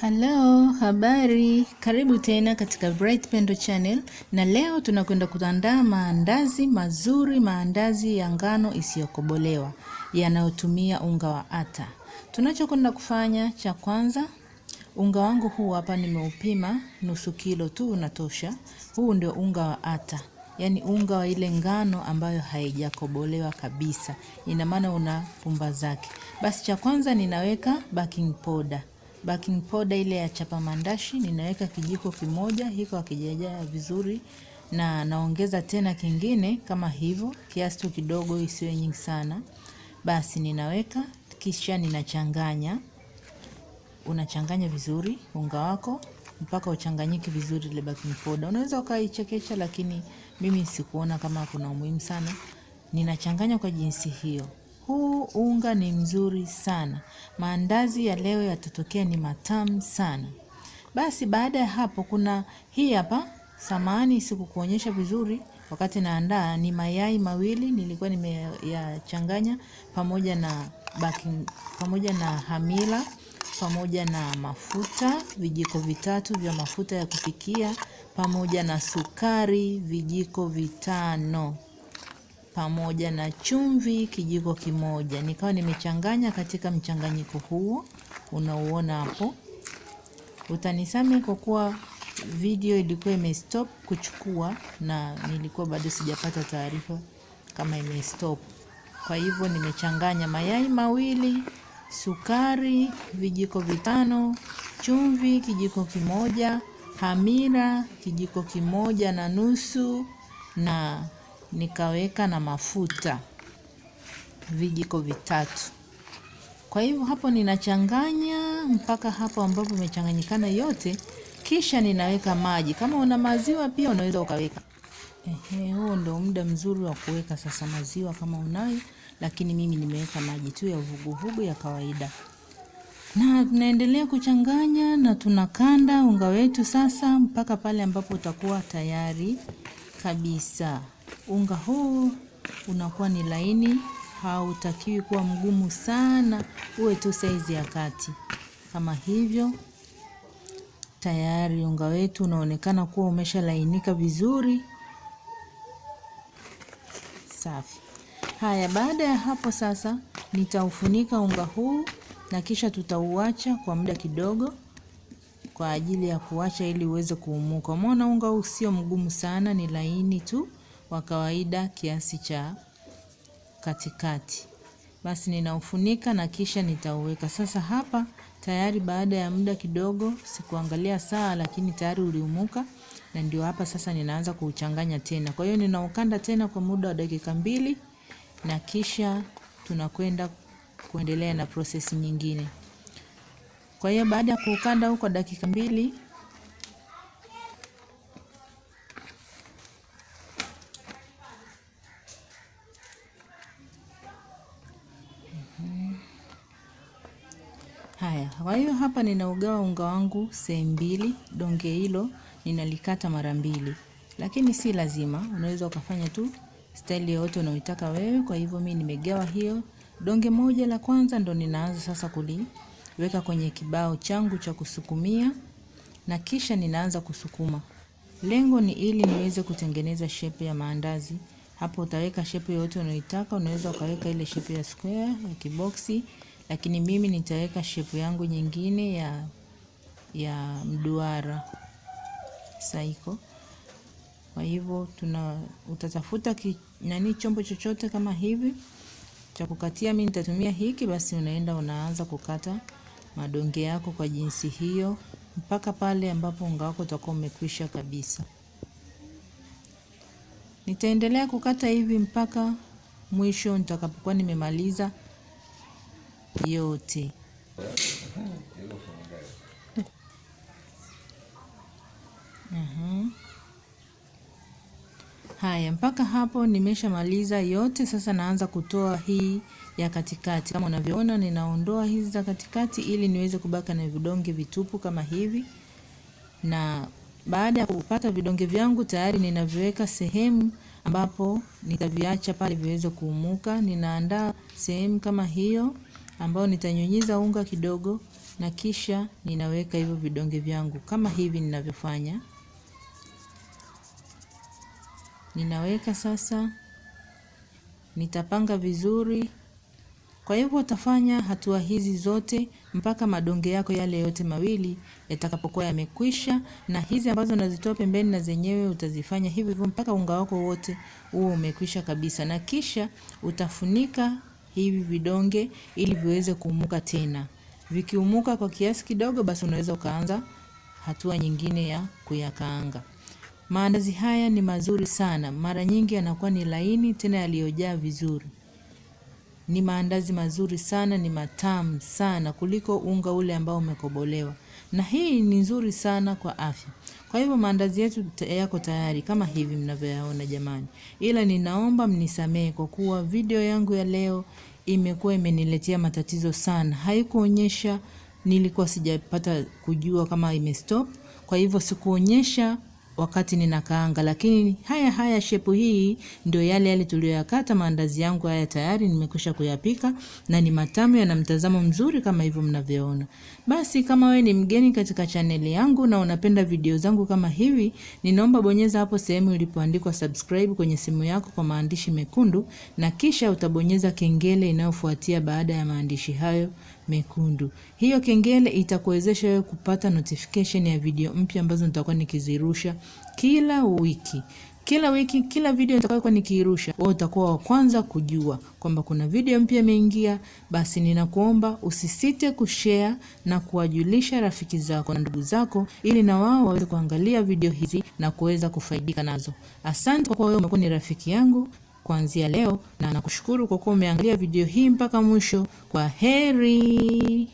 Halo, habari. Karibu tena katika Bright Pendo Channel, na leo tunakwenda kuandaa maandazi mazuri, maandazi ya ngano isiyokobolewa yanayotumia unga wa ata. Tunachokwenda kufanya cha kwanza, unga wangu huu hapa nimeupima nusu kilo tu, unatosha. Huu ndio unga wa ata, yaani unga wa ile ngano ambayo haijakobolewa kabisa, ina maana una pumba zake. Basi cha kwanza ninaweka baking powder baking powder ile ya chapa mandashi ninaweka kijiko kimoja, hiko akijajaa vizuri, na naongeza tena kingine kama hivyo, kiasi tu kidogo, isiwe nyingi sana. Basi ninaweka kisha ninachanganya. Unachanganya vizuri unga wako mpaka uchanganyike vizuri ile baking powder. Unaweza ukaichekecha, lakini mimi sikuona kama kuna umuhimu sana. Ninachanganya kwa jinsi hiyo. Huu unga ni mzuri sana. Maandazi ya leo yatatokea ni matamu sana. Basi baada ya hapo kuna hii hapa siku sikukuonyesha vizuri wakati naandaa ni mayai mawili nilikuwa nimeyachanganya pamoja na baking, pamoja na hamira pamoja na mafuta vijiko vitatu vya mafuta ya kupikia pamoja na sukari vijiko vitano pamoja na chumvi kijiko kimoja. Nikawa nimechanganya katika mchanganyiko huo unaouona hapo. Utanisame kwa kuwa video ilikuwa imestop kuchukua na nilikuwa bado sijapata taarifa kama imestop. Kwa hivyo nimechanganya mayai mawili, sukari vijiko vitano, chumvi kijiko kimoja, hamira kijiko kimoja na nusu na nikaweka na mafuta vijiko vitatu. Kwa hivyo hapo ninachanganya mpaka hapo ambapo imechanganyikana yote, kisha ninaweka maji. Kama una maziwa pia unaweza ukaweka. Ehe, huo ndio muda mzuri wa kuweka sasa maziwa kama unayo, lakini mimi nimeweka maji tu ya uvuguvugu ya kawaida, na tunaendelea kuchanganya na tunakanda unga wetu sasa mpaka pale ambapo utakuwa tayari kabisa. Unga huu unakuwa ni laini, hautakiwi kuwa mgumu sana, uwe tu saizi ya kati kama hivyo. Tayari unga wetu unaonekana kuwa umeshalainika vizuri. Safi. Haya, baada ya hapo sasa nitaufunika unga huu na kisha tutauacha kwa muda kidogo kwa ajili ya kuacha ili uweze kuumuka. Umeona unga huu sio mgumu sana, ni laini tu wa kawaida kiasi cha katikati. Basi ninaufunika na kisha nitauweka sasa. Hapa tayari baada ya muda kidogo, sikuangalia saa, lakini tayari uliumuka, na ndio hapa sasa ninaanza kuuchanganya tena. Kwa hiyo ninaukanda tena kwa muda wa dakika mbili, na kisha tunakwenda kuendelea na prosesi nyingine. Kwa hiyo baada ya kuukanda huko dakika mbili Haya, kwa hiyo hapa ninaugawa unga wangu sehemu mbili. Donge hilo ninalikata mara mbili, lakini si lazima, unaweza ukafanya tu staili yoyote unaoitaka wewe. Kwa hivyo mimi nimegawa hiyo donge moja la kwanza, ndo ninaanza sasa kuliweka kwenye kibao changu cha kusukumia, na kisha ninaanza kusukuma. Lengo ni ili niweze kutengeneza shape ya maandazi. Hapo utaweka shape yoyote unaoitaka, unaweza ukaweka ile shape ya square, ya kiboksi lakini mimi nitaweka shepu yangu nyingine ya, ya mduara saiko. Kwa hivyo tuna utatafuta ki, nani chombo chochote kama hivi cha kukatia, mimi nitatumia hiki. Basi unaenda unaanza kukata madonge yako kwa jinsi hiyo mpaka pale ambapo unga wako utakuwa umekwisha kabisa. Nitaendelea kukata hivi mpaka mwisho nitakapokuwa nimemaliza yote. Uhum. Haya, mpaka hapo nimeshamaliza yote. Sasa naanza kutoa hii ya katikati. Kama unavyoona, ninaondoa hizi za katikati ili niweze kubaka na vidonge vitupu kama hivi. Na baada ya kupata vidonge vyangu tayari, ninaviweka sehemu ambapo nitaviacha pale viweze kuumuka. Ninaandaa sehemu kama hiyo ambao nitanyunyiza unga kidogo na kisha ninaweka hivyo vidonge vyangu kama hivi ninavyofanya. Ninaweka sasa, nitapanga vizuri. Kwa hivyo utafanya hatua hizi zote mpaka madonge yako yale yote mawili yatakapokuwa yamekwisha, na hizi ambazo nazitoa pembeni na zenyewe utazifanya hivyo hivyo mpaka unga wako wote huo umekwisha kabisa, na kisha utafunika hivi vidonge ili viweze kuumuka tena. Vikiumuka kwa kiasi kidogo, basi unaweza ukaanza hatua nyingine ya kuyakaanga. Maandazi haya ni mazuri sana, mara nyingi yanakuwa ni laini tena yaliyojaa vizuri. Ni maandazi mazuri sana, ni matamu sana kuliko unga ule ambao umekobolewa na hii ni nzuri sana kwa afya. Kwa hivyo maandazi yetu yako tayari kama hivi mnavyoyaona jamani, ila ninaomba mnisamehe kwa kuwa video yangu ya leo imekuwa imeniletea matatizo sana, haikuonyesha nilikuwa sijapata kujua kama imestop, kwa hivyo sikuonyesha wakati ninakaanga, lakini haya haya shepu hii ndio yale yale tuliyoyakata. Maandazi yangu haya tayari nimekwisha kuyapika na ni matamu, yana mtazamo mzuri kama hivyo mnavyoona. Basi kama we ni mgeni katika chaneli yangu na unapenda video zangu kama hivi, ninaomba bonyeza hapo sehemu ilipoandikwa subscribe kwenye simu yako kwa maandishi mekundu, na kisha utabonyeza kengele inayofuatia baada ya maandishi hayo mekundu. Hiyo kengele itakuwezesha wewe kupata notification ya video mpya ambazo nitakuwa nikizirusha kila wiki kila wiki, kila video nitakayokuwa nikiirusha, wewe utakuwa wa kwanza kujua kwamba kuna video mpya imeingia. Basi ninakuomba usisite kushare na kuwajulisha rafiki zako na ndugu zako, ili na wao waweze kuangalia video hizi na kuweza kufaidika nazo. Asante kwa kuwa wewe umekuwa ni rafiki yangu kuanzia leo, na nakushukuru kwa kuwa umeangalia video hii mpaka mwisho. Kwa heri.